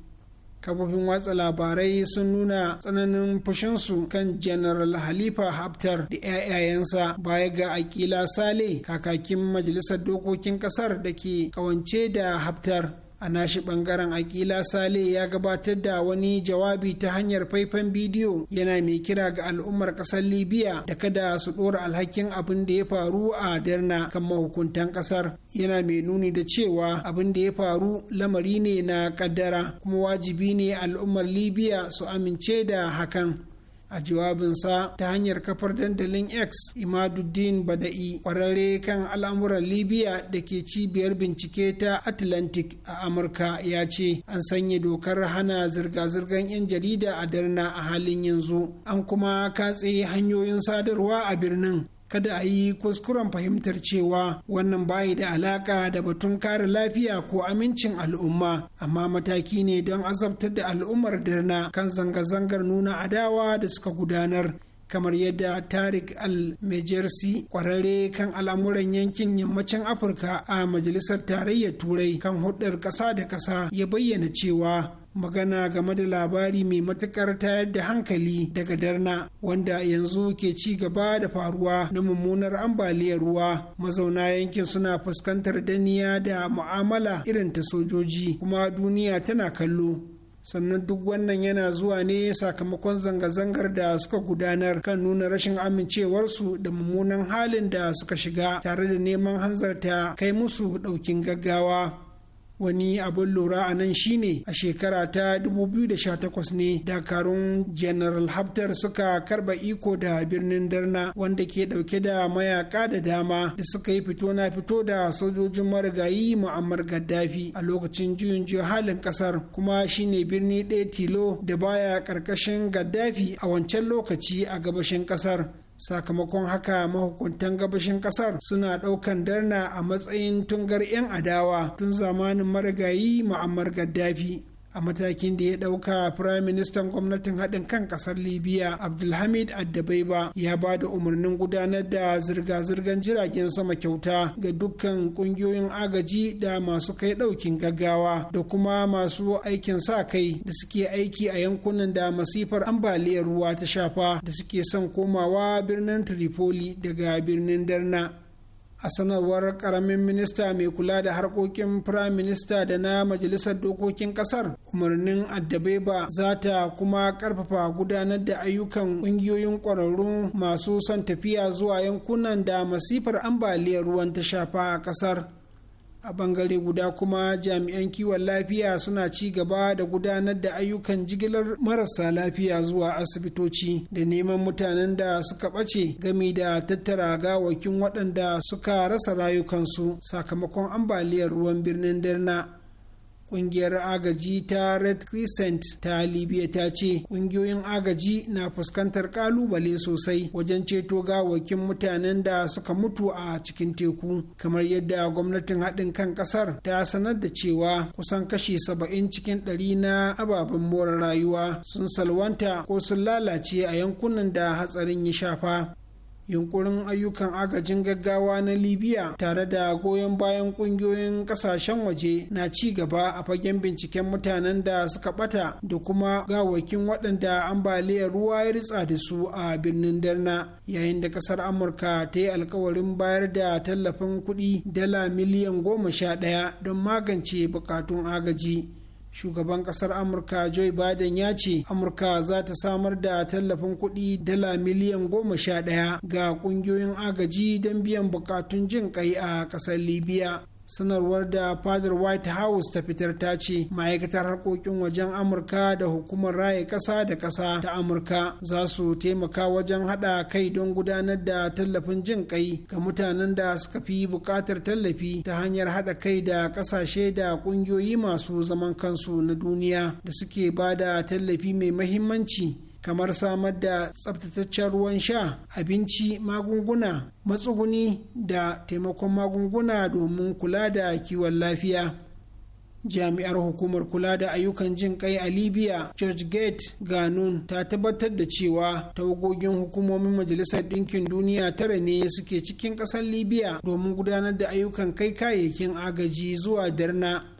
kafofin watsa labarai sun nuna tsananin fushinsu kan general halifa haftar da 'ya'yayensa baya ga akila sale kakakin majalisar dokokin kasar da ke kawance da haftar a nashi bangaren akila sale ya gabatar da wani jawabi ta hanyar faifan bidiyo yana mai kira ga al'ummar kasar libya da kada su dora alhakin abin da ya faru a derna kan mahukuntan kasar yana mai nuni da cewa abin da ya faru lamari ne na kaddara kuma wajibi ne al'ummar libya su amince da hakan a jawabinsa ta hanyar kafar dandalin x imaduddin bada'i kwararre kan al'amuran libya da ke cibiyar bincike ta atlantic a amurka ya ce an sanya dokar hana zirga-zirgar 'yan jarida a darna a halin yanzu an kuma katse hanyoyin sadarwa a birnin kada a yi kuskuren fahimtar cewa wannan bayi da alaka da batun kare lafiya ko amincin al'umma amma mataki ne don azabtar da al'ummar darna kan zanga-zangar nuna adawa da suka gudanar kamar yadda tarik al-mejersi kwararre kan al'amuran yankin yammacin afirka a majalisar tarayyar turai kan hudar kasa da kasa ya bayyana cewa magana game da labari mai matukar tayar da hankali daga darna wanda yanzu ke ci gaba da faruwa na mummunar ambaliyar ruwa mazauna yankin suna fuskantar daniya da mu'amala irin ta sojoji kuma duniya tana kallo sannan duk wannan yana zuwa ne sakamakon zanga-zangar da suka gudanar kan nuna rashin amincewarsu da mummunan halin da suka shiga tare da neman hanzarta kai musu ɗaukin gaggawa wani abin lura a nan shine a shekara ta 2018 ne dakarun general haftar suka karba iko da birnin darna wanda ke dauke da mayaka da dama da suka yi fito na fito da sojojin marigayi mu'ammar gaddafi a lokacin juyin juyin halin kasar kuma shine birni ɗaya tilo da baya ƙarƙashin gaddafi a wancan lokaci a gabashin kasar sakamakon haka mahukuntan gabashin kasar suna ɗaukan darna a matsayin tungar 'yan adawa tun zamanin marigayi ma'ammar gaddafi a matakin da ya ɗauka firayim ministan gwamnatin haɗin kan ƙasar libya abdulhamid addabaiba ya ba da umarnin gudanar da zirga-zirgar jiragen sama kyauta ga dukkan ƙungiyoyin agaji da masu kai ɗaukin gaggawa da kuma masu aikin sa kai da suke aiki a yankunan da masifar ambaliyar ruwa ta shafa da suke son komawa birnin tripoli daga birnin darna a sanarwar karamin minista mai kula da harkokin firayim minista da na majalisar dokokin kasar umarnin addabeba za ta kuma karfafa gudanar da ayyukan ƙungiyoyin kwararru masu son tafiya zuwa yankunan da masifar ambaliyar ruwan ta shafa a kasar a bangare guda kuma jami'an kiwon lafiya suna ci gaba da gudanar da ayyukan jigilar marasa lafiya zuwa asibitoci da neman mutanen da suka ɓace gami da tattara gawakin waɗanda suka rasa rayukansu sakamakon ambaliyar ruwan birnin derna kungiyar agaji ta red crescent ta libya ta ce kungiyoyin agaji na fuskantar kalubale sosai wajen ceto gawakin mutanen da suka mutu a cikin teku kamar yadda gwamnatin haɗin kan ƙasar ta sanar da cewa kusan kashi saba'in cikin ɗari na ababen more rayuwa sun salwanta ko sun lalace a yankunan da hatsarin ya shafa yunkurin ayyukan agajin gaggawa na libya tare da goyon bayan kungiyoyin kasashen waje na ci gaba a fagen binciken mutanen da suka bata da kuma gawakin waɗanda ambaliyar ruwa ya ritsa da su a birnin darna yayin da kasar amurka ta yi alkawarin bayar da tallafin kuɗi dala miliyan goma sha ɗaya don magance bukatun agaji shugaban kasar amurka joe biden ya ce amurka za ta samar da tallafin kuɗi dala miliyan goma sha ɗaya ga ƙungiyoyin agaji don biyan buƙatun jin ƙai a ƙasar libya sanarwar da fadar white house ta fitar ta ce ma'aikatar harkokin wajen amurka da hukumar raya ƙasa da ƙasa ta amurka za su taimaka wajen haɗa kai don gudanar da tallafin jin kai ga mutanen da suka fi buƙatar tallafi ta hanyar haɗa kai da ƙasashe da ƙungiyoyi masu zaman kansu na duniya da suke ba da tallafi mai mahimmanci kamar samar da tsabtataccen ruwan sha abinci magunguna matsuguni da taimakon magunguna domin kula da kiwon lafiya jami'ar hukumar kula da ayyukan jin kai a libya george gate ganun ta tabbatar da cewa tawagogin hukumomin majalisar ɗinkin duniya tara ne suke cikin ƙasar libya domin gudanar da ayyukan kai kayayyakin agaji zuwa darna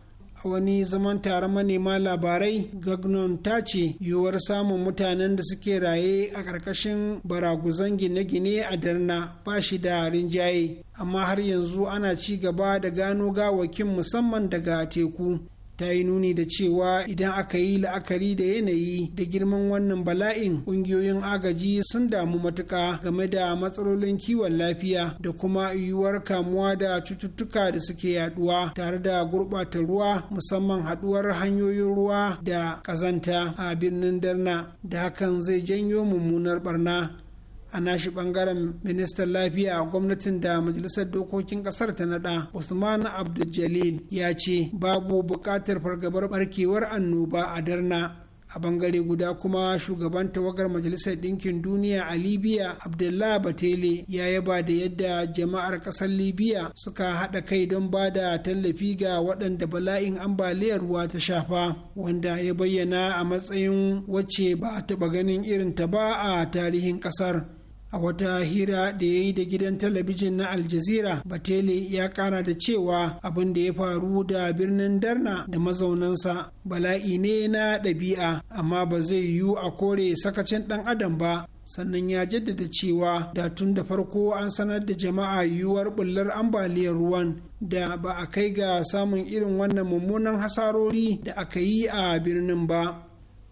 a wani zaman taron manema labarai gagnon ta ce yiwuwar samun mutanen da suke raye a ƙarƙashin baraguzan gine-gine a darna ba shi da rinjaye amma har yanzu ana ci gaba da gano gawakin musamman daga teku ta yi nuni da cewa idan aka yi la'akari da yanayi da girman wannan bala'in ƙungiyoyin agaji sun damu matuƙa game da matsalolin kiwon lafiya da kuma yiwuwar kamuwa da cututtuka da suke yaduwa tare da gurɓata ruwa musamman haɗuwar hanyoyin ruwa da ƙazanta a birnin darna da hakan zai janyo mummunar ɓarna. a nashi bangaren ministan lafiya a gwamnatin da majalisar dokokin kasar ta nada usman abdul ya ce babu buƙatar fargabar barkewar annoba a darna a bangare guda kuma shugaban tawagar majalisar ɗinkin duniya a libya abdullah batele ya yaba da yadda jama'ar ƙasar libya suka haɗa kai don ba da tallafi ga waɗanda bala'in ambaliyar ruwa ta shafa wanda ya bayyana a matsayin wacce ba a taɓa ganin irin ta ba a tarihin ƙasar a wata hira da ya yi da gidan talabijin na aljazira batele ya kara da cewa abin da ya faru da birnin darna da mazaunansa bala'i ne na ɗabi'a amma ba zai yiwu a kore sakacin ɗan adam ba sannan ya jaddada cewa da tun da farko an sanar da jama'a yiwuwar bullar ambaliyar ruwan da ba a kai ga samun irin wannan mummunan hasarori da aka yi a birnin ba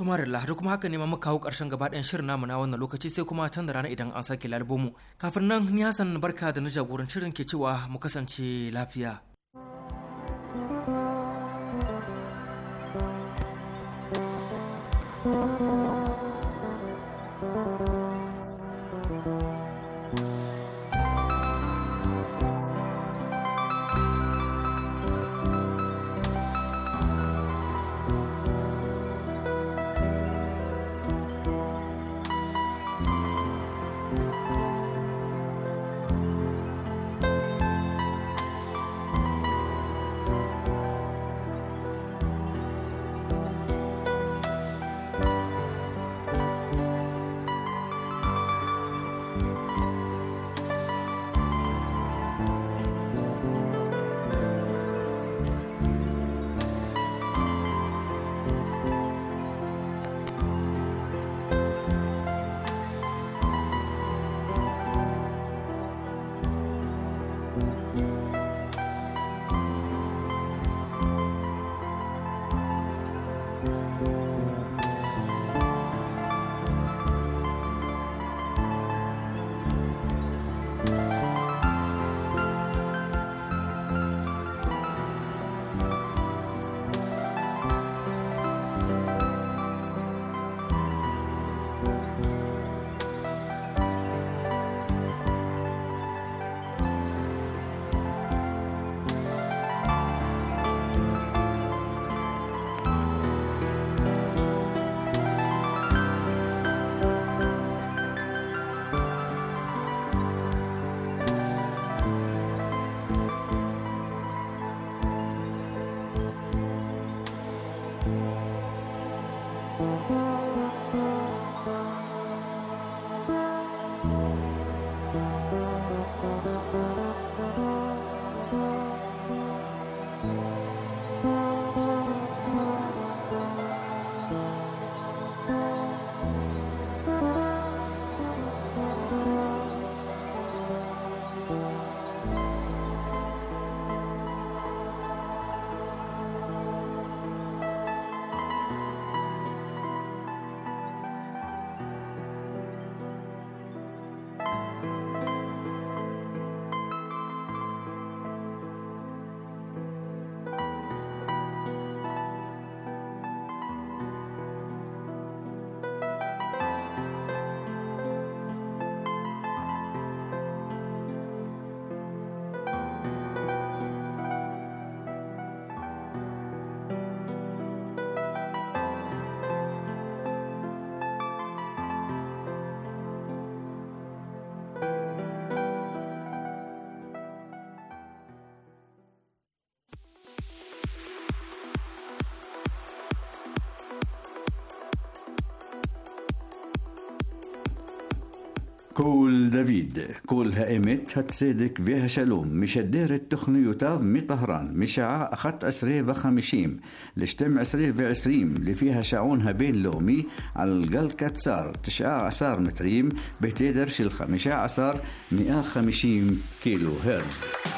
Tumarilla da kuma haka ne muka kawo ƙarshen gaba ɗayan shirin namu na wannan lokaci sai kuma can da rana idan an sake lalbomu. Kafin nan ni Hassan barka da na jagorancin shirin ke cewa mu kasance lafiya. كول دافيد كول هائمت هتسيدك بها شلوم مش الدير التخني يوتاب مي طهران مشاع أخت أسري بخمشيم لشتم أسري بعسريم اللي فيها شعونها بين لومي على القل كتسار تشعى عصار متريم بتدرش الخمشة عصار مئة خمشيم كيلو هرتز